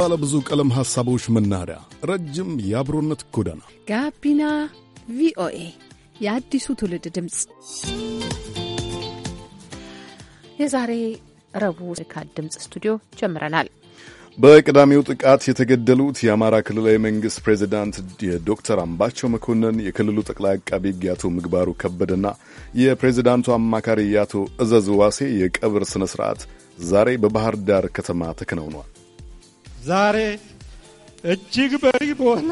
ባለብዙ ቀለም ሐሳቦች መናኸሪያ፣ ረጅም የአብሮነት ጎዳና፣ ጋቢና ቪኦኤ የአዲሱ ትውልድ ድምፅ። የዛሬ ረቡዕ ካድ ድምፅ ስቱዲዮ ጀምረናል። በቅዳሜው ጥቃት የተገደሉት የአማራ ክልላዊ መንግሥት ፕሬዚዳንት የዶክተር አምባቸው መኮንን የክልሉ ጠቅላይ አቃቤ ሕግ አቶ ምግባሩ ከበደና የፕሬዚዳንቱ አማካሪ የአቶ እዘዝ ዋሴ የቀብር ሥነ ሥርዓት ዛሬ በባህር ዳር ከተማ ተከናውኗል። ዛሬ እጅግ በሪ በሆነ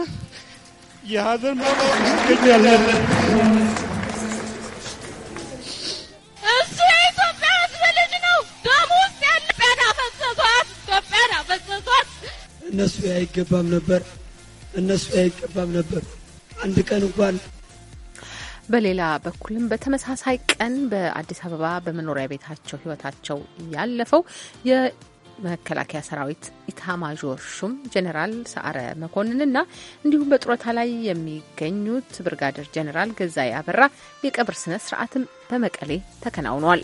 የሀዘን መ ይገኛለን። እነሱ አይገባም ነበር፣ እነሱ አይገባም ነበር አንድ ቀን እንኳን በሌላ በኩልም በተመሳሳይ ቀን በአዲስ አበባ በመኖሪያ ቤታቸው ህይወታቸው ያለፈው መከላከያ ሰራዊት ኢታማዦር ሹም ጀኔራል ሰዓረ መኮንንና እንዲሁም በጡረታ ላይ የሚገኙት ብርጋደር ጀኔራል ገዛኢ አበራ የቀብር ስነ ስርዓትም በመቀሌ ተከናውኗል።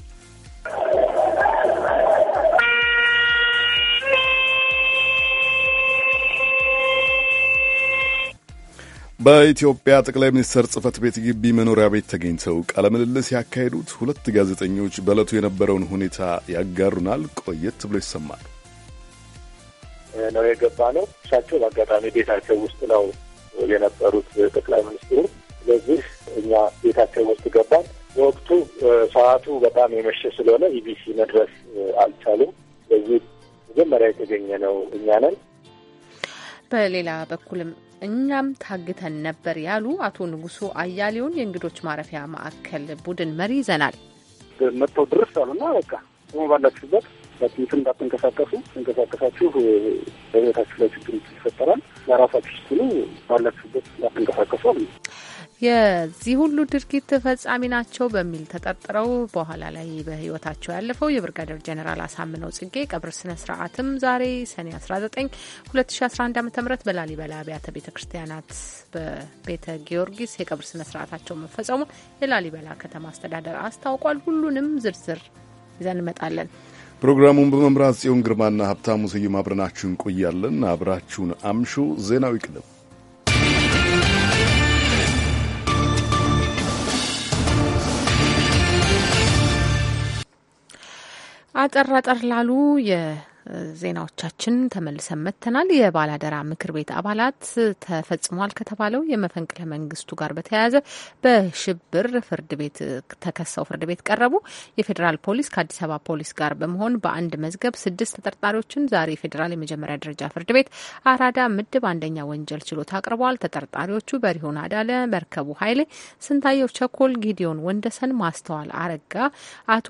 በኢትዮጵያ ጠቅላይ ሚኒስትር ጽህፈት ቤት ግቢ መኖሪያ ቤት ተገኝተው ቃለ ምልልስ ያካሄዱት ሁለት ጋዜጠኞች በዕለቱ የነበረውን ሁኔታ ያጋሩናል። ቆየት ብሎ ይሰማል ነው የገባ ነው። እሳቸው በአጋጣሚ ቤታቸው ውስጥ ነው የነበሩት ጠቅላይ ሚኒስትሩ። ስለዚህ እኛ ቤታቸው ውስጥ ገባን። በወቅቱ ሰዓቱ በጣም የመሸ ስለሆነ ኢቢሲ መድረስ አልቻሉም። ስለዚህ መጀመሪያ የተገኘ ነው እኛ ነን። በሌላ በኩልም እኛም ታግተን ነበር ያሉ አቶ ንጉሶ አያሌውን የእንግዶች ማረፊያ ማዕከል ቡድን መሪ ይዘናል። መጥተው ድረስ አሉና በቃ ሞ ባላችሁበት ባትትን እንዳትንቀሳቀሱ ተንቀሳቀሳችሁ በቤታችሁ ላይ ችግር ይፈጠራል። ለራሳችሁ ስትሉ ባላችሁበት እንዳትንቀሳቀሱ አሉ። የዚህ ሁሉ ድርጊት ፈጻሚ ናቸው በሚል ተጠርጥረው በኋላ ላይ በህይወታቸው ያለፈው የብርጋዴር ጀኔራል አሳምነው ጽጌ ቀብር ስነ ስርዓትም ዛሬ ሰኔ 19 2011 ዓ ም በላሊበላ አብያተ ቤተ ክርስቲያናት በቤተ ጊዮርጊስ የቀብር ስነ ስርዓታቸው መፈጸሙ የላሊበላ ከተማ አስተዳደር አስታውቋል። ሁሉንም ዝርዝር ይዘን እንመጣለን። ፕሮግራሙን በመምራት ጽዮን ግርማና ሀብታሙ ስዩም አብረናችሁ እንቆያለን። አብራችሁን አምሹ። ዜናዊ ቅደም አጠር አጠር ላሉ የ ዜናዎቻችን ተመልሰን መጥተናል። የባላደራ ምክር ቤት አባላት ተፈጽሟል ከተባለው የመፈንቅለ መንግስቱ ጋር በተያያዘ በሽብር ፍርድ ቤት ተከሰው ፍርድ ቤት ቀረቡ። የፌዴራል ፖሊስ ከአዲስ አበባ ፖሊስ ጋር በመሆን በአንድ መዝገብ ስድስት ተጠርጣሪዎችን ዛሬ የፌዴራል የመጀመሪያ ደረጃ ፍርድ ቤት አራዳ ምድብ አንደኛ ወንጀል ችሎት አቅርቧል። ተጠርጣሪዎቹ በሪሆን አዳለ፣ መርከቡ ኃይሌ፣ ስንታየው ቸኮል፣ ጊዲዮን ወንደሰን፣ ማስተዋል አረጋ፣ አቶ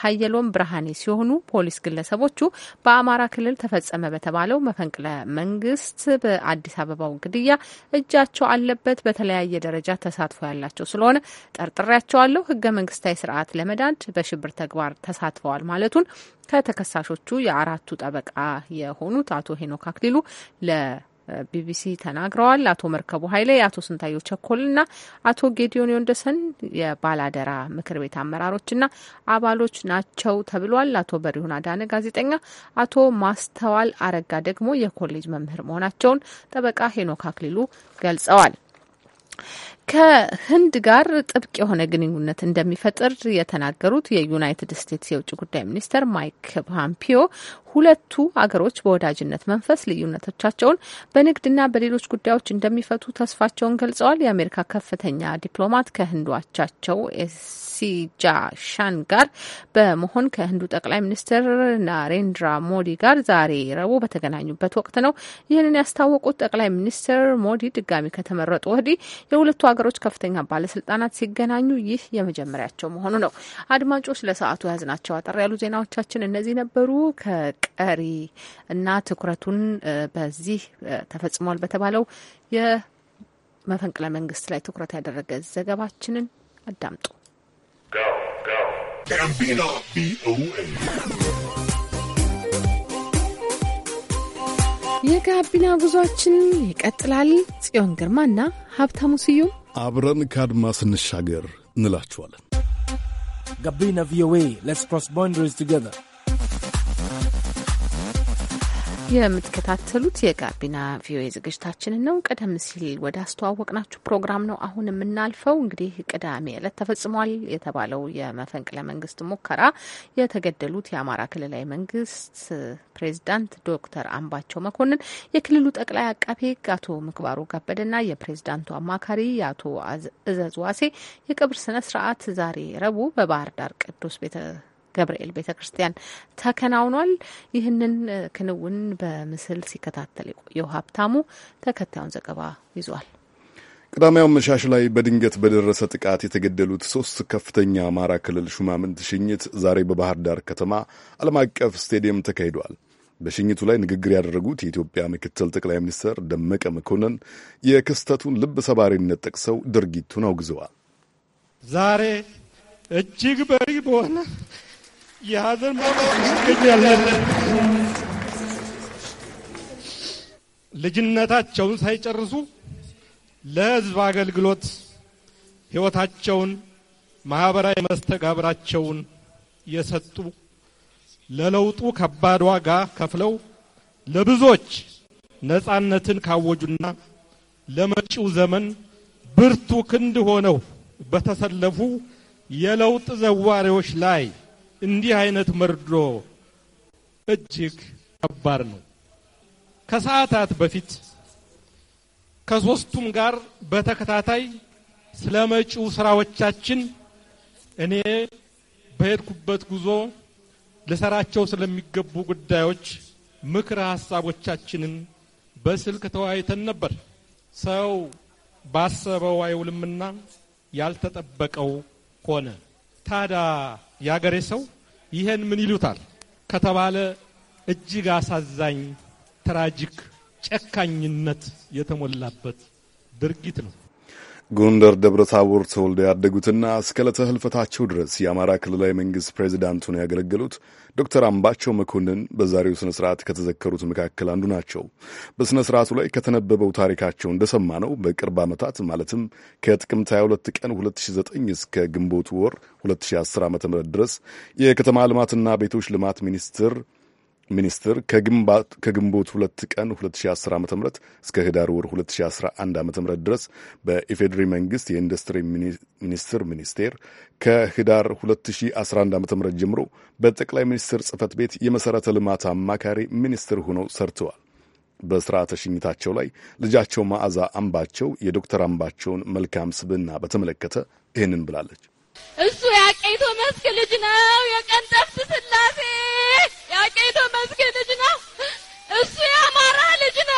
ሀየሎም ብርሃኔ ሲሆኑ ፖሊስ ግለሰቦቹ በአማራ ክልል ተፈጸመ በተባለው መፈንቅለ መንግስት በአዲስ አበባው ግድያ እጃቸው አለበት፣ በተለያየ ደረጃ ተሳትፎ ያላቸው ስለሆነ ጠርጥሬያቸዋለሁ፣ ህገ መንግስታዊ ስርዓት ለመዳድ በሽብር ተግባር ተሳትፈዋል ማለቱን ከተከሳሾቹ የአራቱ ጠበቃ የሆኑት አቶ ሄኖክ አክሊሉ ለ ቢቢሲ ተናግረዋል። አቶ መርከቡ ኃይሌ፣ አቶ ስንታየው ቸኮልና አቶ ጌዲዮን ወንደሰን የባላደራ ምክር ቤት አመራሮችና አባሎች ናቸው ተብሏል። አቶ በሪሁን አዳነ ጋዜጠኛ፣ አቶ ማስተዋል አረጋ ደግሞ የኮሌጅ መምህር መሆናቸውን ጠበቃ ሄኖክ አክሊሉ ገልጸዋል። ከህንድ ጋር ጥብቅ የሆነ ግንኙነት እንደሚፈጥር የተናገሩት የዩናይትድ ስቴትስ የውጭ ጉዳይ ሚኒስትር ማይክ ፖምፒዮ ሁለቱ አገሮች በወዳጅነት መንፈስ ልዩነቶቻቸውን በንግድና በሌሎች ጉዳዮች እንደሚፈቱ ተስፋቸውን ገልጸዋል። የአሜሪካ ከፍተኛ ዲፕሎማት ከህንዷቻቸው ሲጃ ሻን ጋር በመሆን ከህንዱ ጠቅላይ ሚኒስትር ናሬንድራ ሞዲ ጋር ዛሬ ረቡዕ በተገናኙበት ወቅት ነው ይህንን ያስታወቁት። ጠቅላይ ሚኒስትር ሞዲ ድጋሚ ከተመረጡ ወዲህ የሁለቱ ሀገሮች ከፍተኛ ባለስልጣናት ሲገናኙ ይህ የመጀመሪያቸው መሆኑ ነው። አድማጮች ለሰዓቱ ያዝናቸው አጠር ያሉ ዜናዎቻችን እነዚህ ነበሩ። ከቀሪ እና ትኩረቱን በዚህ ተፈጽሟል በተባለው የመፈንቅለ መንግስት ላይ ትኩረት ያደረገ ዘገባችንን አዳምጡ። የጋቢና ጉዟችን ይቀጥላል። ጽዮን ግርማና ሀብታሙ ስዩም አብረን ከአድማ ስንሻገር እንላችኋለን። ጋቢና ቪኦኤ ሌትስ ክሮስ ባውንደሪስ ቱጌዘር የምትከታተሉት የጋቢና ቪኦኤ ዝግጅታችንን ነው። ቀደም ሲል ወደ አስተዋወቅናችሁ ፕሮግራም ነው አሁን የምናልፈው። እንግዲህ ቅዳሜ ዕለት ተፈጽሟል የተባለው የመፈንቅለ መንግስት ሙከራ የተገደሉት የአማራ ክልላዊ መንግስት ፕሬዚዳንት ዶክተር አምባቸው መኮንን፣ የክልሉ ጠቅላይ አቃቤ ሕግ አቶ ምክባሩ ከበደና የፕሬዚዳንቱ አማካሪ የአቶ እዘዝ ዋሴ የቀብር ስነ ስርዓት ዛሬ ረቡዕ በባህር ዳር ቅዱስ ቤተ ገብርኤል ቤተ ክርስቲያን ተከናውኗል። ይህንን ክንውን በምስል ሲከታተል የቆየው ሀብታሙ ተከታዩን ዘገባ ይዟል። ቅዳሜ አመሻሽ ላይ በድንገት በደረሰ ጥቃት የተገደሉት ሦስት ከፍተኛ አማራ ክልል ሹማምንት ሽኝት ዛሬ በባህር ዳር ከተማ ዓለም አቀፍ ስቴዲየም ተካሂዷል። በሽኝቱ ላይ ንግግር ያደረጉት የኢትዮጵያ ምክትል ጠቅላይ ሚኒስትር ደመቀ መኮንን የክስተቱን ልብ ሰባሪነት ጠቅሰው ድርጊቱን አውግዘዋል። ዛሬ እጅግ በሪ በሆነ የሀዘን ልጅነታቸውን ሳይጨርሱ ለህዝብ አገልግሎት ህይወታቸውን ማህበራዊ መስተጋብራቸውን የሰጡ ለለውጡ ከባድ ዋጋ ከፍለው ለብዙዎች ነጻነትን ካወጁና ለመጪው ዘመን ብርቱ ክንድ ሆነው በተሰለፉ የለውጥ ዘዋሪዎች ላይ እንዲህ አይነት መርዶ እጅግ ከባድ ነው። ከሰዓታት በፊት ከሶስቱም ጋር በተከታታይ ስለ መጪው ስራዎቻችን እኔ በሄድኩበት ጉዞ ልሰራቸው ስለሚገቡ ጉዳዮች ምክር ሀሳቦቻችንን በስልክ ተወያይተን ነበር። ሰው ባሰበው አይውልምና ያልተጠበቀው ሆነ። ታዳ የአገሬ ሰው ይሄን ምን ይሉታል ከተባለ እጅግ አሳዛኝ ትራጂክ ጨካኝነት የተሞላበት ድርጊት ነው። ጎንደር ደብረ ታቦር ተወልደው ያደጉትና እስከ ዕለተ ድረስ የአማራ ክልላዊ መንግሥት ፕሬዚዳንት ሆነው ያገለገሉት ዶክተር አምባቸው መኮንን በዛሬው ሥነ ሥርዓት ከተዘከሩት መካከል አንዱ ናቸው። በሥነ ሥርዓቱ ላይ ከተነበበው ታሪካቸው እንደሰማ ነው በቅርብ ዓመታት ማለትም ከጥቅምት 22 ቀን 2009 እስከ ግንቦቱ ወር 2010 ዓ ም ድረስ የከተማ ልማትና ቤቶች ልማት ሚኒስትር ሚኒስትር ከግንቦት ሁለት ቀን 2010 ዓ ም እስከ ህዳር ወር 2011 ዓ ም ድረስ በኢፌዴሪ መንግስት የኢንዱስትሪ ሚኒስትር ሚኒስቴር ከህዳር 2011 ዓ ም ጀምሮ በጠቅላይ ሚኒስትር ጽህፈት ቤት የመሠረተ ልማት አማካሪ ሚኒስትር ሆነው ሰርተዋል። በስርዓተ ሽኝታቸው ላይ ልጃቸው መዓዛ አምባቸው የዶክተር አምባቸውን መልካም ስብዕና በተመለከተ ይህንን ብላለች። እሱ ያቄቶ መስክ ልጅ ነው የቀን ጠፍት ስላሴ የአቄቶ መስጌ ልጅ ነው። እሱ የአማራ ልጅ ነው።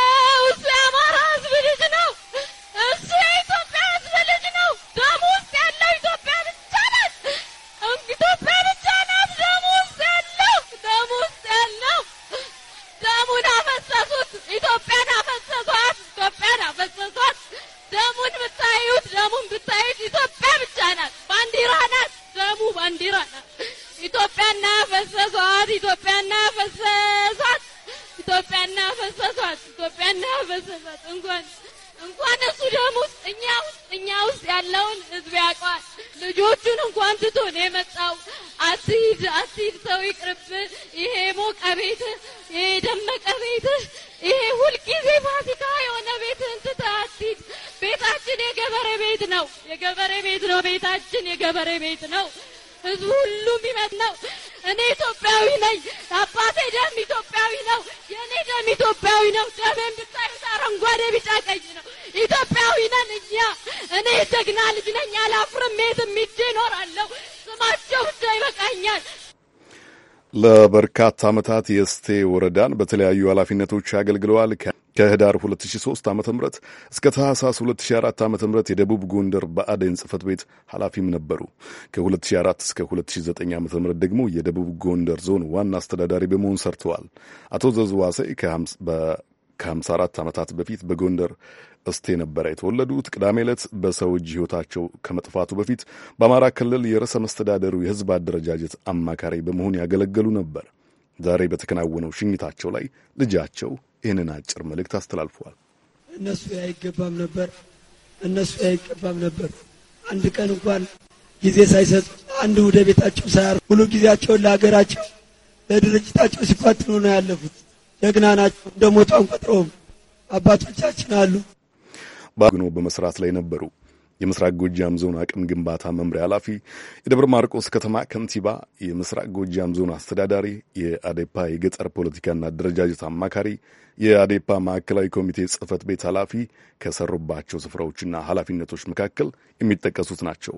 የመዲና ልጅ ነኝ፣ አላፍርም፣ የትም ሄጄ እኖራለሁ። ስማቸው ብቻ ይበቃኛል። ለበርካታ ዓመታት የስቴ ወረዳን በተለያዩ ኃላፊነቶች አገልግለዋል። ከህዳር 2003 ዓ ም እስከ ታህሳስ 2004 ዓ ም የደቡብ ጎንደር ብአዴን ጽህፈት ቤት ኃላፊም ነበሩ። ከ2004 እስከ 2009 ዓ ም ደግሞ የደቡብ ጎንደር ዞን ዋና አስተዳዳሪ በመሆን ሰርተዋል። አቶ ዘዝዋሴ ከ54 ዓመታት በፊት በጎንደር እስቴ ነበረ የተወለዱት። ቅዳሜ ዕለት በሰው እጅ ሕይወታቸው ከመጥፋቱ በፊት በአማራ ክልል የርዕሰ መስተዳደሩ የሕዝብ አደረጃጀት አማካሪ በመሆን ያገለገሉ ነበር። ዛሬ በተከናወነው ሽኝታቸው ላይ ልጃቸው ይህንን አጭር መልእክት አስተላልፈዋል። እነሱ አይገባም ነበር፣ እነሱ አይገባም ነበር። አንድ ቀን እንኳን ጊዜ ሳይሰጡ አንድ ወደ ቤታቸው ሳያር ሙሉ ጊዜያቸውን ለሀገራቸው ለድርጅታቸው ሲኳትኑ ነው ያለፉት። ጀግና ናቸው። እንደ ሞቱ አንቆጥረውም። አባቶቻችን አሉ። በአግኖ በመስራት ላይ ነበሩ። የምስራቅ ጎጃም ዞን አቅም ግንባታ መምሪያ ኃላፊ፣ የደብረ ማርቆስ ከተማ ከንቲባ፣ የምስራቅ ጎጃም ዞን አስተዳዳሪ፣ የአዴፓ የገጠር ፖለቲካና አደረጃጀት አማካሪ፣ የአዴፓ ማዕከላዊ ኮሚቴ ጽህፈት ቤት ኃላፊ ከሰሩባቸው ስፍራዎችና ኃላፊነቶች መካከል የሚጠቀሱት ናቸው።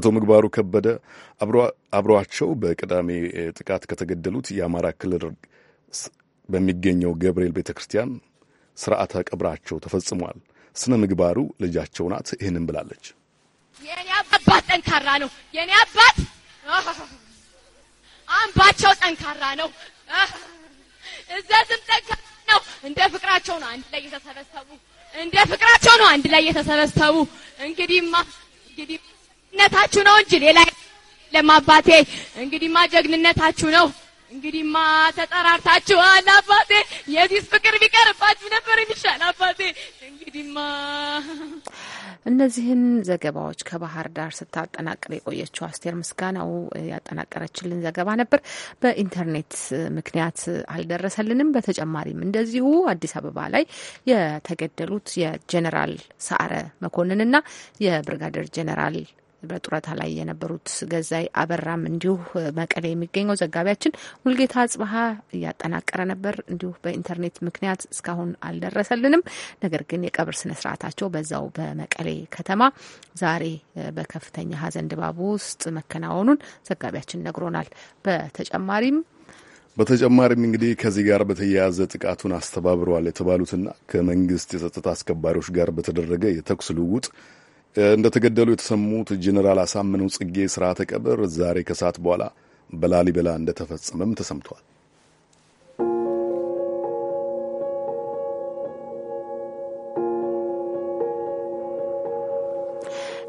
አቶ ምግባሩ ከበደ አብረዋቸው በቅዳሜ ጥቃት ከተገደሉት የአማራ ክልል በሚገኘው ገብርኤል ቤተ ክርስቲያን ስርዓተ ቀብራቸው ተፈጽሟል። ስነ ምግባሩ ልጃቸው ናት። ይህንን ብላለች። የእኔ አባት ጠንካራ ነው። የእኔ አባት አምባቸው ጠንካራ ነው። እዘዝም ጠንካራ ነው። እንደ ፍቅራቸው ነው አንድ ላይ የተሰበሰቡ እንደ ፍቅራቸው ነው አንድ ላይ የተሰበሰቡ። እንግዲህማ እንግዲህ ነታችሁ ነው እንጂ ሌላ ለማባቴ እንግዲህማ ጀግንነታችሁ ነው እንግዲህማ ተጠራርታችኋል አባቴ። የዚህ ፍቅር ቢቀርባችሁ ነበር የሚሻል አባቴ። እንግዲህማ እነዚህን ዘገባዎች ከባህር ዳር ስታጠናቅር የቆየችው አስቴር ምስጋናው ያጠናቀረችልን ዘገባ ነበር። በኢንተርኔት ምክንያት አልደረሰልንም። በተጨማሪም እንደዚሁ አዲስ አበባ ላይ የተገደሉት የጀኔራል ሰዓረ መኮንንና የብርጋደር ጀኔራል በጡረታ ላይ የነበሩት ገዛይ አበራም እንዲሁ መቀሌ የሚገኘው ዘጋቢያችን ሙልጌታ ጽብሀ እያጠናቀረ ነበር። እንዲሁ በኢንተርኔት ምክንያት እስካሁን አልደረሰልንም። ነገር ግን የቀብር ስነ ስርዓታቸው በዛው በመቀሌ ከተማ ዛሬ በከፍተኛ ሀዘን ድባብ ውስጥ መከናወኑን ዘጋቢያችን ነግሮናል። በተጨማሪም በተጨማሪም እንግዲህ ከዚህ ጋር በተያያዘ ጥቃቱን አስተባብረዋል የተባሉትና ከመንግስት የጸጥታ አስከባሪዎች ጋር በተደረገ የተኩስ ልውውጥ እንደተገደሉ የተሰሙት ጀኔራል አሳምነው ጽጌ ስርዓተ ቀብር ዛሬ ከሰዓት በኋላ በላሊበላ እንደተፈጸመም ተሰምቷል።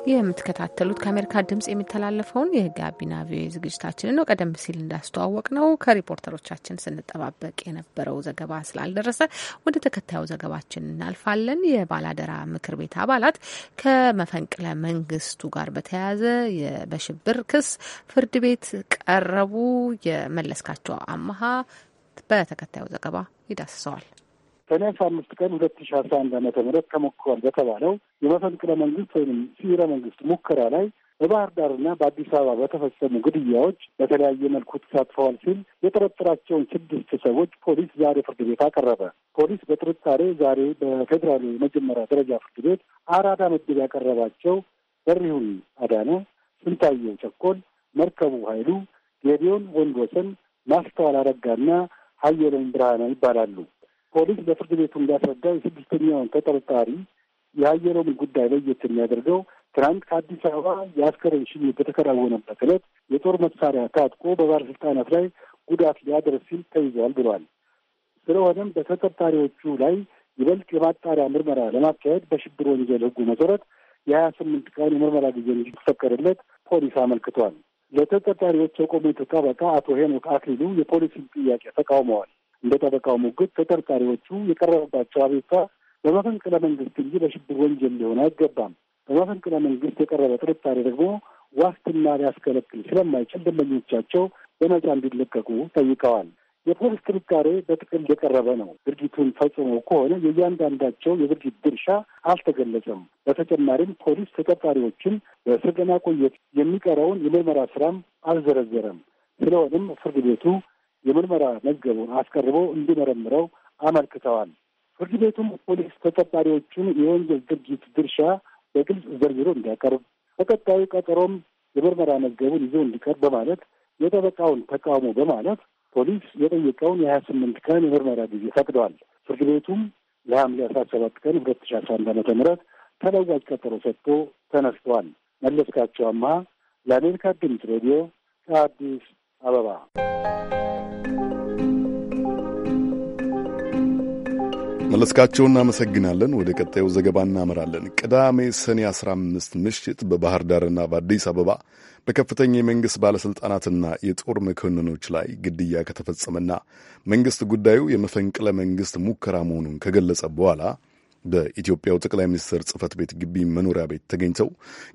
ይህ የምትከታተሉት ከአሜሪካ ድምጽ የሚተላለፈውን የጋቢና ቪኦኤ ዝግጅታችንን ነው። ቀደም ሲል እንዳስተዋወቅ ነው ከሪፖርተሮቻችን ስንጠባበቅ የነበረው ዘገባ ስላልደረሰ ወደ ተከታዩ ዘገባችን እናልፋለን። የባላደራ ምክር ቤት አባላት ከመፈንቅለ መንግስቱ ጋር በተያያዘ በሽብር ክስ ፍርድ ቤት ቀረቡ። የመለስካቸው አመሀ በተከታዩ ዘገባ ይዳስሰዋል። ሰኔ አምስት ቀን ሁለት ሺ አስራ አንድ ዓመተ ምህረት ተሞክሯል በተባለው የመፈንቅለ መንግስት ወይም ሲረ መንግስት ሙከራ ላይ በባህር ዳርና በአዲስ አበባ በተፈጸሙ ግድያዎች በተለያየ መልኩ ተሳትፈዋል ሲል የጠረጠራቸውን ስድስት ሰዎች ፖሊስ ዛሬ ፍርድ ቤት አቀረበ። ፖሊስ በጥርጣሬ ዛሬ በፌዴራሉ የመጀመሪያ ደረጃ ፍርድ ቤት አራዳ ምድብ ያቀረባቸው በሪሁን አዳነ፣ ስንታየው ቸኮል፣ መርከቡ ኃይሉ፣ ጌዲዮን ወንድወሰን፣ ማስተዋል አረጋና ሀየለን ብርሃነ ይባላሉ። ፖሊስ ለፍርድ ቤቱ እንዳስረዳው የስድስተኛውን ተጠርጣሪ የአየለውን ጉዳይ ለየት የሚያደርገው ትናንት ከአዲስ አበባ የአስከሬን ሽኝት በተከናወነበት ዕለት የጦር መሳሪያ ታጥቆ በባለስልጣናት ላይ ጉዳት ሊያደርስ ሲል ተይዟል ብሏል። ስለሆነም በተጠርጣሪዎቹ ላይ ይበልጥ የማጣሪያ ምርመራ ለማካሄድ በሽብር ወንጀል ሕጉ መሰረት የሀያ ስምንት ቀን የምርመራ ጊዜ እንዲፈቀድለት ፖሊስ አመልክቷል። ለተጠርጣሪዎች የቆሙት ጠበቃ አቶ ሄኖክ አክሊሉ የፖሊስን ጥያቄ ተቃውመዋል። እንደ ጠበቃው ሙግት ተጠርጣሪዎቹ የቀረበባቸው አቤቱታ በመፈንቅለ መንግስት እንጂ በሽብር ወንጀል ሊሆን አይገባም። በመፈንቅለ መንግስት የቀረበ ጥርጣሬ ደግሞ ዋስትና ሊያስከለክል ስለማይችል ደንበኞቻቸው በነጻ እንዲለቀቁ ጠይቀዋል። የፖሊስ ጥርጣሬ በጥቅል የቀረበ ነው። ድርጊቱን ፈጽሞ ከሆነ የእያንዳንዳቸው የድርጊት ድርሻ አልተገለጸም። በተጨማሪም ፖሊስ ተጠርጣሪዎችን በእስር ለማቆየት የሚቀረውን የምርመራ ስራም አልዘረዘረም። ስለሆነም ፍርድ ቤቱ የምርመራ መዝገቡን አስቀርበው እንዲመረምረው አመልክተዋል። ፍርድ ቤቱም ፖሊስ ተጠርጣሪዎቹን የወንጀል ድርጊት ድርሻ በግልጽ ዘርዝሮ እንዲያቀርብ በቀጣዩ ቀጠሮም የምርመራ መዝገቡን ይዞ እንዲቀርብ በማለት የጠበቃውን ተቃውሞ በማለት ፖሊስ የጠየቀውን የሀያ ስምንት ቀን የምርመራ ጊዜ ፈቅደዋል። ፍርድ ቤቱም ለሐምሌ አስራ ሰባት ቀን ሁለት ሺ አስራ አንድ ዓመተ ምህረት ተለዋጭ ቀጠሮ ሰጥቶ ተነስተዋል። መለስካቸው አምሃ ለአሜሪካ ድምፅ ሬዲዮ ከአዲስ አበባ መለስካቸው እናመሰግናለን። ወደ ቀጣዩ ዘገባ እናመራለን። ቅዳሜ ሰኔ 15 ምሽት በባህር ዳርና በአዲስ አበባ በከፍተኛ የመንግሥት ባለሥልጣናትና የጦር መኮንኖች ላይ ግድያ ከተፈጸመና መንግሥት ጉዳዩ የመፈንቅለ መንግሥት ሙከራ መሆኑን ከገለጸ በኋላ በኢትዮጵያው ጠቅላይ ሚኒስትር ጽህፈት ቤት ግቢ መኖሪያ ቤት ተገኝተው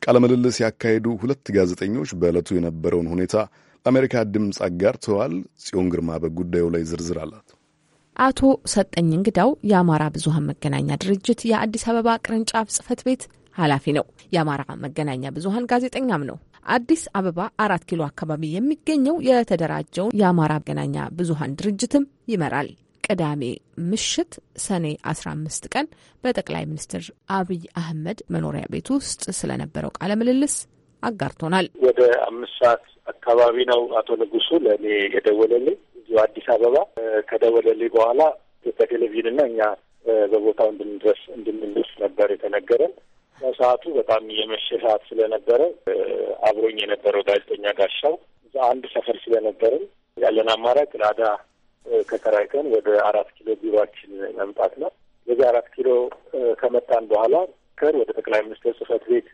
ቃለ ምልልስ ያካሄዱ ሁለት ጋዜጠኞች በዕለቱ የነበረውን ሁኔታ ለአሜሪካ ድምፅ አጋርተዋል። ጽዮን ግርማ በጉዳዩ ላይ ዝርዝር አላት። አቶ ሰጠኝ እንግዳው የአማራ ብዙሀን መገናኛ ድርጅት የአዲስ አበባ ቅርንጫፍ ጽህፈት ቤት ኃላፊ ነው። የአማራ መገናኛ ብዙሀን ጋዜጠኛም ነው። አዲስ አበባ አራት ኪሎ አካባቢ የሚገኘው የተደራጀው የአማራ መገናኛ ብዙሀን ድርጅትም ይመራል። ቅዳሜ ምሽት ሰኔ 15 ቀን በጠቅላይ ሚኒስትር አብይ አህመድ መኖሪያ ቤት ውስጥ ስለነበረው ቃለ ምልልስ አጋርቶናል። ወደ አምስት ሰዓት አካባቢ ነው አቶ ንጉሱ ለእኔ የደወለልኝ እዚሁ አዲስ አበባ። ከደወለልኝ በኋላ በቴሌቪዥንና እኛ በቦታው እንድንድረስ እንድንልስ ነበር የተነገረን። በሰዓቱ በጣም የመሸ ሰዓት ስለነበረ አብሮኝ የነበረው ጋዜጠኛ ጋሻው እዛ አንድ ሰፈር ስለነበርን ያለን አማራጭ ላዳ ከተራይተን ወደ አራት ኪሎ ቢሮችን መምጣት ነው። የዚህ አራት ኪሎ ከመጣን በኋላ ከር ወደ ጠቅላይ ሚኒስትር ጽህፈት ቤት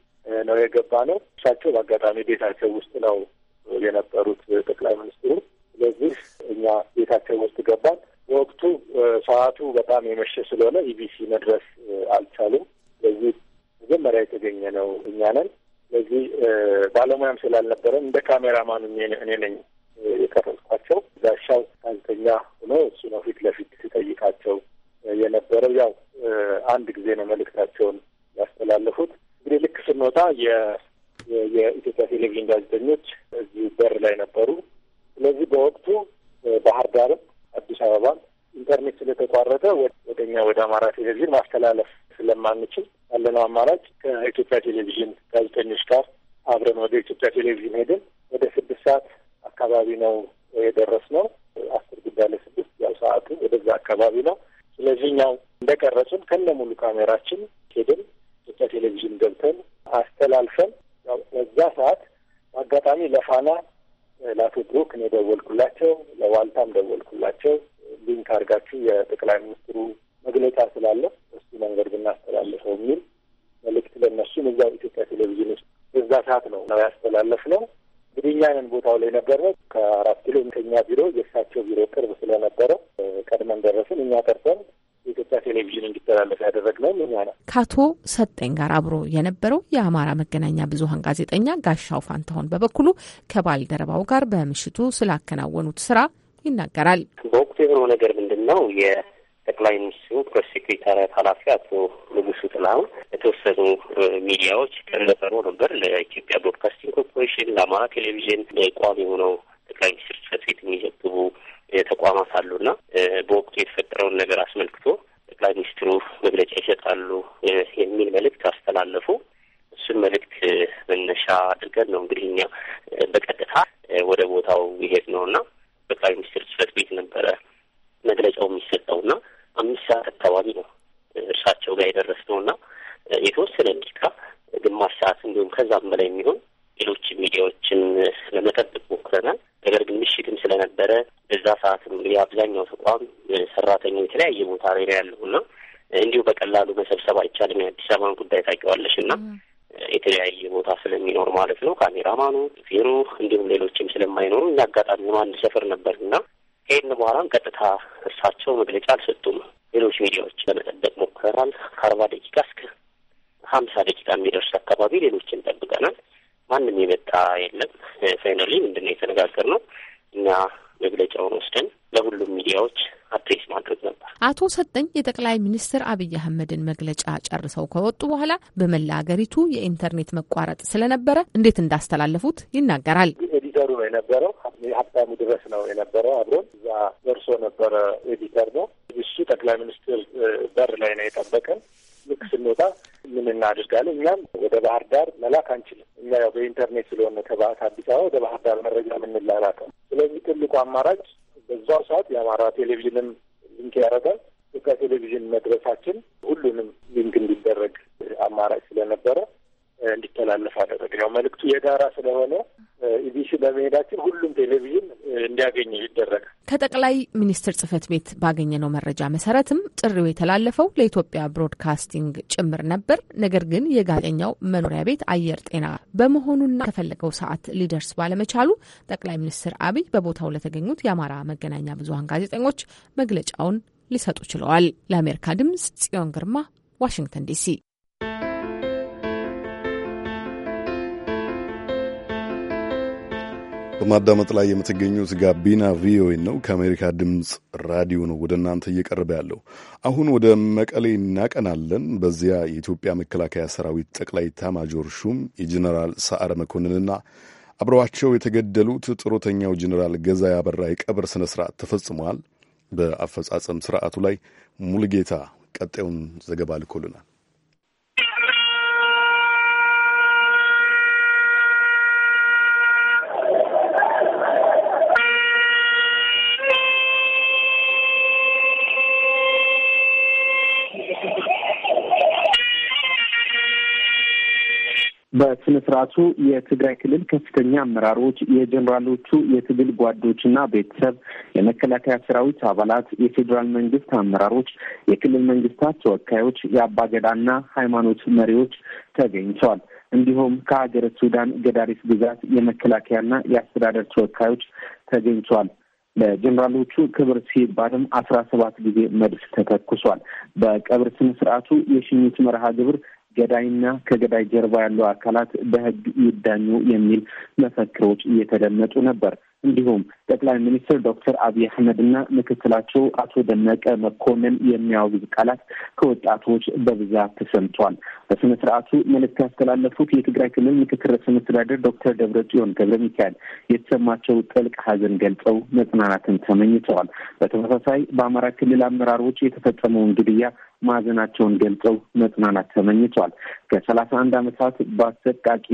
ነው የገባ ነው። እሳቸው በአጋጣሚ ቤታቸው ውስጥ ነው የነበሩት ጠቅላይ ሚኒስትሩ። ስለዚህ እኛ ቤታቸው ውስጥ ገባን። በወቅቱ ሰዓቱ በጣም የመሸ ስለሆነ ኢቢሲ መድረስ አልቻሉም። ስለዚህ መጀመሪያ የተገኘ ነው እኛ ነን። ስለዚህ ባለሙያም ስላልነበረን እንደ ካሜራማን እኔ ነኝ የቀረጽኳቸው። ጋሻው ጋዜጠኛ ሆኖ እሱ ነው ፊት ለፊት ሲጠይቃቸው የነበረው። ያው አንድ ጊዜ ነው መልእክታቸውን ያስተላለፉት። እንግዲህ ልክ ስንወጣ የኢትዮጵያ ቴሌቪዥን ጋዜጠኞች እዚሁ በር ላይ ነበሩ። ስለዚህ በወቅቱ ባህር ዳርም አዲስ አበባም ኢንተርኔት ስለተቋረጠ ወደ እኛ ወደ አማራ ቴሌቪዥን ማስተላለፍ ስለማንችል ያለነው አማራጭ ከኢትዮጵያ ቴሌቪዥን ጋዜጠኞች ጋር አብረን ወደ ኢትዮጵያ ቴሌቪዥን ሄደን ወደ ስድስት ሰዓት አካባቢ ነው የደረስነው። አስር ጉዳይ ለስድስት ያው ሰዓቱ ወደዛ አካባቢ ነው። ከአቶ ሰጠኝ ጋር አብሮ የነበረው የአማራ መገናኛ ብዙኃን ጋዜጠኛ ጋሻው ፋንታሁን በበኩሉ ከባልደረባው ጋር በምሽቱ ስላከናወኑት ስራ ይናገራል። በወቅቱ የሆነው ነገር ምንድን ነው? የጠቅላይ ሚኒስትሩ ፕሬስ ሴክሬታሪያት ኃላፊ አቶ ንጉሱ ጥላሁን የተወሰኑ ሚዲያዎች ቀንበፈሮ ነበር ለኢትዮጵያ ብሮድካስቲንግ ኮርፖሬሽን፣ ለአማራ ቴሌቪዥን ቋሚ የሆነው ጠቅላይ ሚኒስትር ጽሕፈት ቤት የሚዘግቡ ተቋማት አሉና በወቅቱ የተፈጠረውን ነገር አስመልክቶ ጠቅላይ ሚኒስትሩ መግለጫ ይሰጣሉ የሚል መልእክት አስተላለፉ። እሱን መልእክት መነሻ አድርገን ነው እንግዲህ እኛ በቀጥታ ወደ ቦታው ይሄድ ነው እና ጠቅላይ ሚኒስትር ጽፈት ቤት ነበረ መግለጫው የሚሰጠው እና አምስት ሰዓት አካባቢ ነው እርሳቸው ጋር የደረስነው እና የተወሰነ ደቂቃ ግማሽ ሰዓት እንዲሁም ከዛም በላይ የሚሆን ሌሎች ሚዲያዎችን ለመጠበቅ ሞክረናል። ነገር ግን ምሽትም ስለነበረ በዛ ሰዓትም እንግዲህ አብዛኛው ተቋም ሰራተኛው የተለያየ ቦታ ላይ ነው ያለውና እንዲሁ በቀላሉ መሰብሰብ አይቻልም። የአዲስ አበባን ጉዳይ ታውቂዋለሽ እና የተለያየ ቦታ ስለሚኖር ማለት ነው ካሜራማኑ፣ ዜሮ እንዲሁም ሌሎችም ስለማይኖሩ እኛ አጋጣሚ አንድ ሰፈር ነበር እና ከሄድን በኋላም ቀጥታ እርሳቸው መግለጫ አልሰጡም። ሌሎች ሚዲያዎች ለመጠበቅ ሞክረናል ከአርባ ደቂቃ እስከ ሀምሳ ደቂቃ የሚደርስ አካባቢ ሌሎችን ጠብቀናል። ማንም የመጣ የለም። ፋይናሊ ምንድን ነው የተነጋገርነው እኛ መግለጫውን ወስደን ለሁሉም ሚዲያዎች አድሬስ ማድረግ ነበር። አቶ ሰጠኝ የጠቅላይ ሚኒስትር አብይ አህመድን መግለጫ ጨርሰው ከወጡ በኋላ በመላ ሀገሪቱ የኢንተርኔት መቋረጥ ስለነበረ እንዴት እንዳስተላለፉት ይናገራል። ኤዲተሩ ነው የነበረው፣ ሀብታሙ ድረስ ነው የነበረው አብሮን እዛ ደርሶ ነበረ። ኤዲተር ነው እሱ። ጠቅላይ ሚኒስትር በር ላይ ነው የጠበቀን። ልክ ስንወጣ ምን እናድርጋለን? እኛም ወደ ባህር ዳር መላክ አንችልም። እኛ ያው በኢንተርኔት ስለሆነ ከባት አዲስ አበባ ወደ ባህር ዳር መረጃ የምንላላከው። ስለዚህ ትልቁ አማራጭ በዛው ሰዓት የአማራ ቴሌቪዥንም ሊንክ ያደርጋል። ኢትዮጵያ ቴሌቪዥን መድረሳችን ሁሉንም ሊንክ እንዲደረግ አማራጭ ስለነበረ እንዲተላለፍ አደረግ። ያው መልእክቱ የጋራ ስለሆነ ኢቢሲ በመሄዳችን ሁሉም ቴሌቪዥን እንዲያገኘው ይደረግ ከጠቅላይ ሚኒስትር ጽህፈት ቤት ባገኘነው መረጃ መሰረትም ጥሪው የተላለፈው ለኢትዮጵያ ብሮድካስቲንግ ጭምር ነበር። ነገር ግን የጋዜጠኛው መኖሪያ ቤት አየር ጤና በመሆኑና ከፈለገው ሰዓት ሊደርስ ባለመቻሉ ጠቅላይ ሚኒስትር አብይ በቦታው ለተገኙት የአማራ መገናኛ ብዙሀን ጋዜጠኞች መግለጫውን ሊሰጡ ችለዋል። ለአሜሪካ ድምጽ ጽዮን ግርማ ዋሽንግተን ዲሲ በማዳመጥ ላይ የምትገኙት ጋቢና ቪኦኤ ነው። ከአሜሪካ ድምፅ ራዲዮ ነው ወደ እናንተ እየቀረበ ያለው። አሁን ወደ መቀሌ እናቀናለን። በዚያ የኢትዮጵያ መከላከያ ሰራዊት ጠቅላይ ታማጆር ሹም የጀኔራል ሰዓረ መኮንንና አብረዋቸው የተገደሉት ጡረተኛው ጀኔራል ገዛ ያበራ የቀብር ስነ ስርዓት ተፈጽሟል። በአፈጻጸም ስርዓቱ ላይ ሙልጌታ ቀጣዩን ዘገባ ልኮልናል። በስነ ስርዓቱ የትግራይ ክልል ከፍተኛ አመራሮች፣ የጀኔራሎቹ የትግል ጓዶችና ቤተሰብ፣ የመከላከያ ሰራዊት አባላት፣ የፌዴራል መንግስት አመራሮች፣ የክልል መንግስታት ተወካዮች፣ የአባገዳና ሃይማኖት መሪዎች ተገኝተዋል። እንዲሁም ከሀገረ ሱዳን ገዳሪፍ ግዛት የመከላከያና የአስተዳደር ተወካዮች ተገኝተዋል። ለጀኔራሎቹ ክብር ሲባልም አስራ ሰባት ጊዜ መድፍ ተተኩሷል። በቀብር ስነ ስርዓቱ የሽኝት መርሃ ግብር ገዳይና ከገዳይ ጀርባ ያሉ አካላት በህግ ይዳኙ የሚል መፈክሮች እየተደመጡ ነበር። እንዲሁም ጠቅላይ ሚኒስትር ዶክተር አብይ አህመድ እና ምክትላቸው አቶ ደመቀ መኮንን የሚያወግዝ ቃላት ከወጣቶች በብዛት ተሰምቷል። በስነ ስርዓቱ መልእክት ያስተላለፉት የትግራይ ክልል ምክትል ርዕሰ መስተዳደር ዶክተር ጽዮን ገብረ ሚካኤል የተሰማቸው ጥልቅ ሐዘን ገልጸው መጽናናትን ተመኝተዋል። በተመሳሳይ በአማራ ክልል አመራሮች የተፈጸመውን ግድያ ማዘናቸውን ገልጸው መጽናናት ተመኝተዋል። ከሰላሳ አንድ አመታት በአሰቃቂ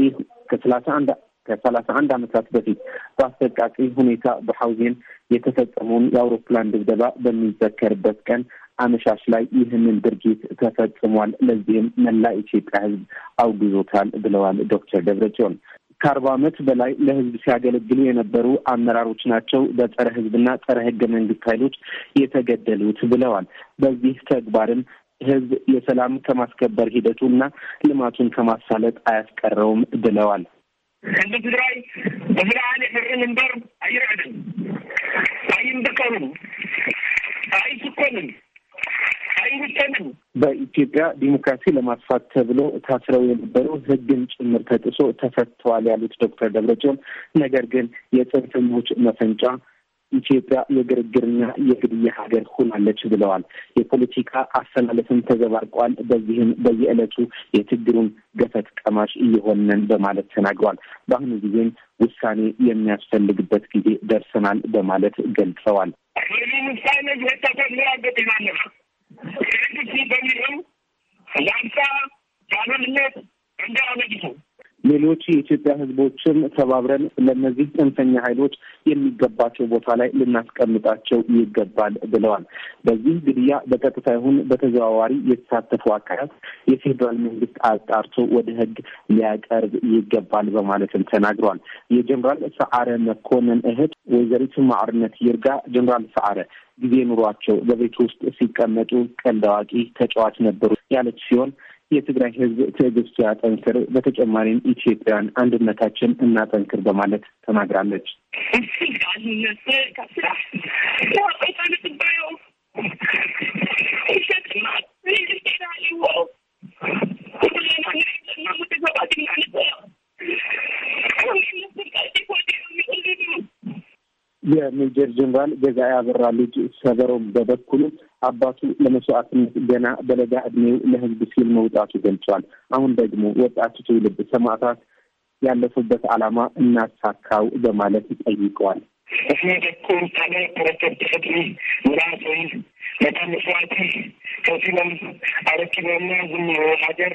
ከሰላሳ አንድ ከሰላሳ አንድ ዓመታት በፊት በአሰቃቂ ሁኔታ በሐውዜን የተፈጸመውን የአውሮፕላን ድብደባ በሚዘከርበት ቀን አመሻሽ ላይ ይህንን ድርጊት ተፈጽሟል። ለዚህም መላ ኢትዮጵያ ሕዝብ አውግዞታል ብለዋል ዶክተር ደብረጽዮን። ከአርባ ዓመት በላይ ለህዝብ ሲያገለግሉ የነበሩ አመራሮች ናቸው በጸረ ህዝብና ጸረ ህገ መንግስት ኃይሎች የተገደሉት ብለዋል። በዚህ ተግባርም ህዝብ የሰላም ከማስከበር ሂደቱ እና ልማቱን ከማሳለጥ አያስቀረውም ብለዋል። እንደ ትግራይ ብልዓል የፍርን እምበር አይርዕድን አይንበቀሉም አይስኮንም በኢትዮጵያ ዲሞክራሲ ለማስፋት ተብሎ ታስረው የነበሩ ህግን ጭምር ተጥሶ ተፈተዋል ያሉት ዶክተር ደብረጽዮን ነገር ግን የጽንፈኞች መፈንጫ ኢትዮጵያ የግርግርና የግድያ ሀገር ሆናለች ብለዋል። የፖለቲካ አሰላለፍም ተዘባርቋል። በዚህም በየዕለቱ የችግሩን ገፈት ቀማሽ እየሆንን በማለት ተናግሯል። በአሁኑ ጊዜም ውሳኔ የሚያስፈልግበት ጊዜ ደርሰናል በማለት ገልጸዋል። ሌሎች የኢትዮጵያ ህዝቦችም ተባብረን ለእነዚህ ጽንፈኛ ኃይሎች የሚገባቸው ቦታ ላይ ልናስቀምጣቸው ይገባል ብለዋል። በዚህ ግድያ በቀጥታ ይሁን በተዘዋዋሪ የተሳተፉ አካላት የፌዴራል መንግስት አጣርቶ ወደ ህግ ሊያቀርብ ይገባል በማለትም ተናግሯል። የጀኔራል ሰዓረ መኮንን እህት ወይዘሪት ማዕርነት ይርጋ ጀኔራል ሰዓረ ጊዜ ኑሯቸው በቤት ውስጥ ሲቀመጡ ቀልድ አዋቂ ተጫዋች ነበሩ ያለች ሲሆን የትግራይ ህዝብ ትዕግስቱ ያጠንክር፣ በተጨማሪም ኢትዮጵያን አንድነታችን እናጠንክር በማለት ተናግራለች። የሜጀር ጀኔራል ገዛኢ አበራ ልጅ ሰበሮም በበኩሉ አባቱ ለመስዋዕትነት ገና በለጋ ዕድሜው ለህዝብ ሲል መውጣቱ ገልጿል። አሁን ደግሞ ወጣቱ ትውልድ ሰማዕታት ያለፉበት ዓላማ እናሳካው በማለት ይጠይቀዋል። እስመ ደኩም ታደ ተረከብቲ ፈጥሪ ምራሰይ መስዋዕቲ ከሲሎም አረኪበና ሀገር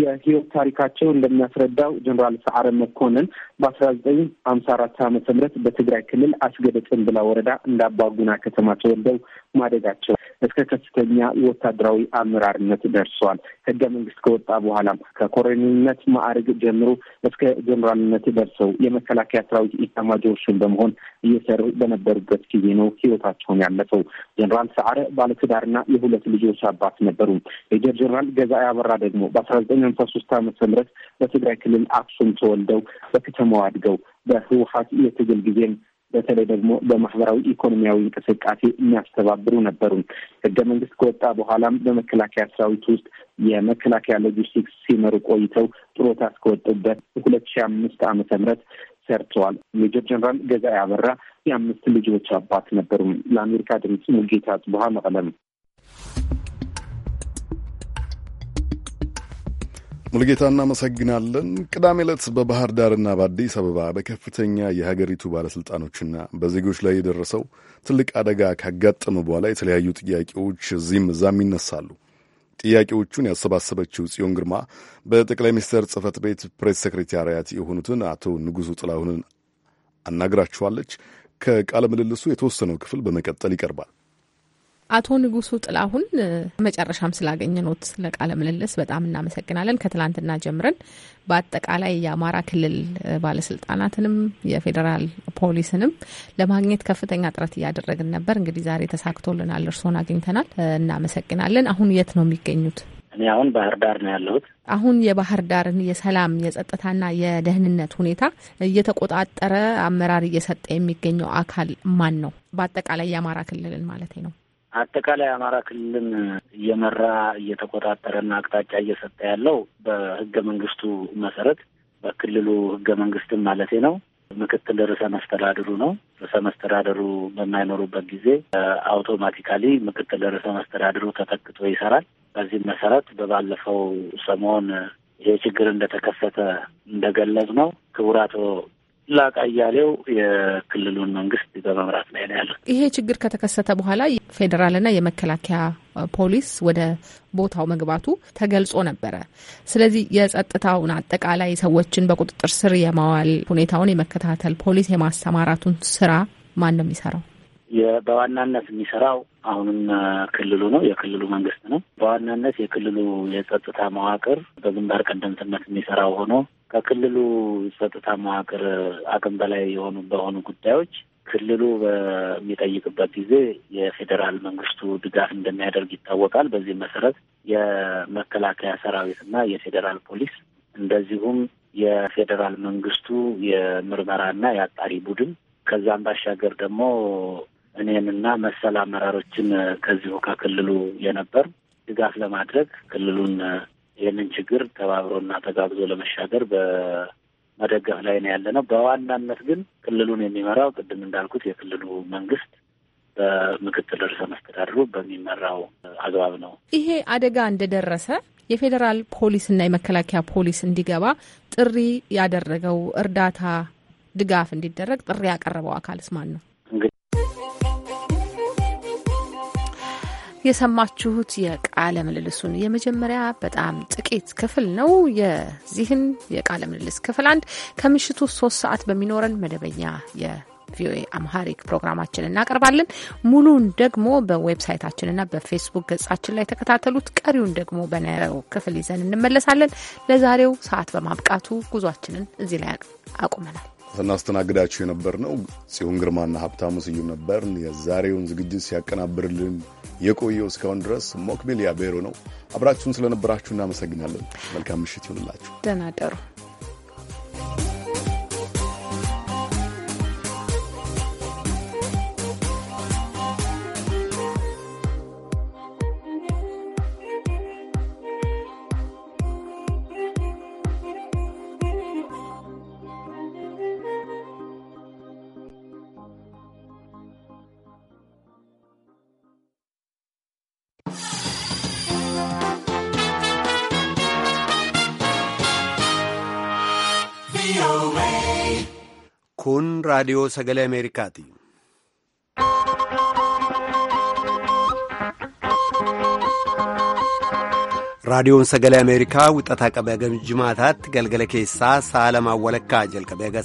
የህይወት ታሪካቸው እንደሚያስረዳው ጀኔራል ሰዓረ መኮንን በአስራ ዘጠኝ ሀምሳ አራት ዓመተ ምህረት በትግራይ ክልል አስገደ ጽምብላ ወረዳ እንዳባጉና ከተማ ተወልደው ማደጋቸው እስከ ከፍተኛ ወታደራዊ አመራርነት ደርሰዋል። ህገ መንግስት ከወጣ በኋላም ከኮሎኔልነት ማዕረግ ጀምሮ እስከ ጀኔራልነት ደርሰው የመከላከያ ሰራዊት ኢታማዦር ሹም በመሆን እየሰሩ በነበሩበት ጊዜ ነው ህይወታቸውን ያለፈው። ጀኔራል ሰዓረ ባለትዳርና የሁለት ልጆች አባት ነበሩ። ሜጀር ጀኔራል ገዛ አበራ ደግሞ በአስራ ዘጠኝ ሀምሳ ሶስት ዓመተ ምህረት በትግራይ ክልል አክሱም ተወልደው በከተማው አድገው በህወሀት የትግል ጊዜም በተለይ ደግሞ በማህበራዊ ኢኮኖሚያዊ እንቅስቃሴ የሚያስተባብሩ ነበሩ። ህገ መንግስት ከወጣ በኋላም በመከላከያ ሰራዊት ውስጥ የመከላከያ ሎጂስቲክስ ሲመሩ ቆይተው ጥሮታ እስከወጡበት ሁለት ሺ አምስት ዓመተ ምህረት ሰርተዋል። ሜጀር ጀኔራል ገዛ ያበራ የአምስት ልጆች አባት ነበሩ። ለአሜሪካ ድምፅ ሙልጌታ ጽቡሀ መቀለም ሙልጌታ እናመሰግናለን። ቅዳሜ ዕለት በባህር ዳርና በአዲስ አበባ በከፍተኛ የሀገሪቱ ባለስልጣኖችና በዜጎች ላይ የደረሰው ትልቅ አደጋ ካጋጠመ በኋላ የተለያዩ ጥያቄዎች እዚህም እዛም ይነሳሉ። ጥያቄዎቹን ያሰባሰበችው ጽዮን ግርማ በጠቅላይ ሚኒስትር ጽህፈት ቤት ፕሬስ ሴክሬታሪያት የሆኑትን አቶ ንጉሱ ጥላሁንን አናግራችኋለች። ከቃለ ምልልሱ የተወሰነው ክፍል በመቀጠል ይቀርባል። አቶ ንጉሱ ጥላሁን መጨረሻም ስላገኘኖት ለቃለ ምልልስ በጣም እናመሰግናለን። ከትላንትና ጀምረን በአጠቃላይ የአማራ ክልል ባለስልጣናትንም የፌዴራል ፖሊስንም ለማግኘት ከፍተኛ ጥረት እያደረግን ነበር። እንግዲህ ዛሬ ተሳክቶልናል፣ እርስዎን አግኝተናል። እናመሰግናለን። አሁን የት ነው የሚገኙት? እኔ አሁን ባህር ዳር ነው ያለሁት። አሁን የባህር ዳርን የሰላም የጸጥታና የደህንነት ሁኔታ እየተቆጣጠረ አመራር እየሰጠ የሚገኘው አካል ማን ነው? በአጠቃላይ የአማራ ክልልን ማለት ነው። አጠቃላይ አማራ ክልልን እየመራ እየተቆጣጠረና አቅጣጫ እየሰጠ ያለው በህገ መንግስቱ መሰረት በክልሉ ህገ መንግስትም ማለቴ ነው ምክትል ርዕሰ መስተዳድሩ ነው። ርዕሰ መስተዳድሩ በማይኖሩበት ጊዜ አውቶማቲካሊ ምክትል ርዕሰ መስተዳድሩ ተተክቶ ይሰራል። በዚህም መሰረት በባለፈው ሰሞን ይሄ ችግር እንደተከሰተ እንደገለጽ ነው ክቡር አቶ ላቃ አያሌው የክልሉን መንግስት በመምራት ላይ ነው ያለው። ይሄ ችግር ከተከሰተ በኋላ ፌዴራልና የመከላከያ ፖሊስ ወደ ቦታው መግባቱ ተገልጾ ነበረ። ስለዚህ የጸጥታውን አጠቃላይ ሰዎችን በቁጥጥር ስር የማዋል ሁኔታውን የመከታተል ፖሊስ የማሰማራቱን ስራ ማን ነው የሚሰራው? በዋናነት የሚሰራው አሁንም ክልሉ ነው፣ የክልሉ መንግስት ነው። በዋናነት የክልሉ የጸጥታ መዋቅር በግንባር ቀደምትነት የሚሰራው ሆኖ ከክልሉ ጸጥታ መዋቅር አቅም በላይ የሆኑ በሆኑ ጉዳዮች ክልሉ በሚጠይቅበት ጊዜ የፌዴራል መንግስቱ ድጋፍ እንደሚያደርግ ይታወቃል። በዚህ መሰረት የመከላከያ ሰራዊትና የፌዴራል ፖሊስ እንደዚሁም የፌዴራል መንግስቱ የምርመራና የአጣሪ ቡድን ከዛም ባሻገር ደግሞ እኔንና መሰል አመራሮችን ከዚሁ ከክልሉ የነበር ድጋፍ ለማድረግ ክልሉን ይህንን ችግር ተባብሮና ተጋግዞ ለመሻገር በመደገፍ ላይ ነው ያለ ነው። በዋናነት ግን ክልሉን የሚመራው ቅድም እንዳልኩት የክልሉ መንግስት በምክትል ርዕሰ መስተዳድሩ በሚመራው አግባብ ነው። ይሄ አደጋ እንደደረሰ የፌዴራል ፖሊስና የመከላከያ ፖሊስ እንዲገባ ጥሪ ያደረገው እርዳታ ድጋፍ እንዲደረግ ጥሪ ያቀረበው አካልስ ማን ነው? የሰማችሁት የቃለ ምልልሱን የመጀመሪያ በጣም ጥቂት ክፍል ነው። የዚህን የቃለ ምልልስ ክፍል አንድ ከምሽቱ ሶስት ሰዓት በሚኖረን መደበኛ ቪኦኤ አምሃሪክ ፕሮግራማችን እናቀርባለን። ሙሉን ደግሞ በዌብሳይታችንና በፌስቡክ ገጻችን ላይ ተከታተሉት። ቀሪውን ደግሞ በነረው ክፍል ይዘን እንመለሳለን። ለዛሬው ሰዓት በማብቃቱ ጉዟችንን እዚህ ላይ አቁመናል። ስናስተናግዳችሁ የነበር ነው ጽዮን ግርማና ሀብታሙ ስዩም ነበር። የዛሬውን ዝግጅት ሲያቀናብርልን የቆየው እስካሁን ድረስ ሞክቢል ያቤሮ ነው። አብራችሁን ስለነበራችሁ እናመሰግናለን። መልካም ምሽት ይሁንላችሁ። ደህና ደሩ። raadiyoo sagalee Ameerikaati. raadiyoon sagalee Ameerikaa wixataa qabee jimaataatti galgala keessaa saalamaa walakkaa jalqabee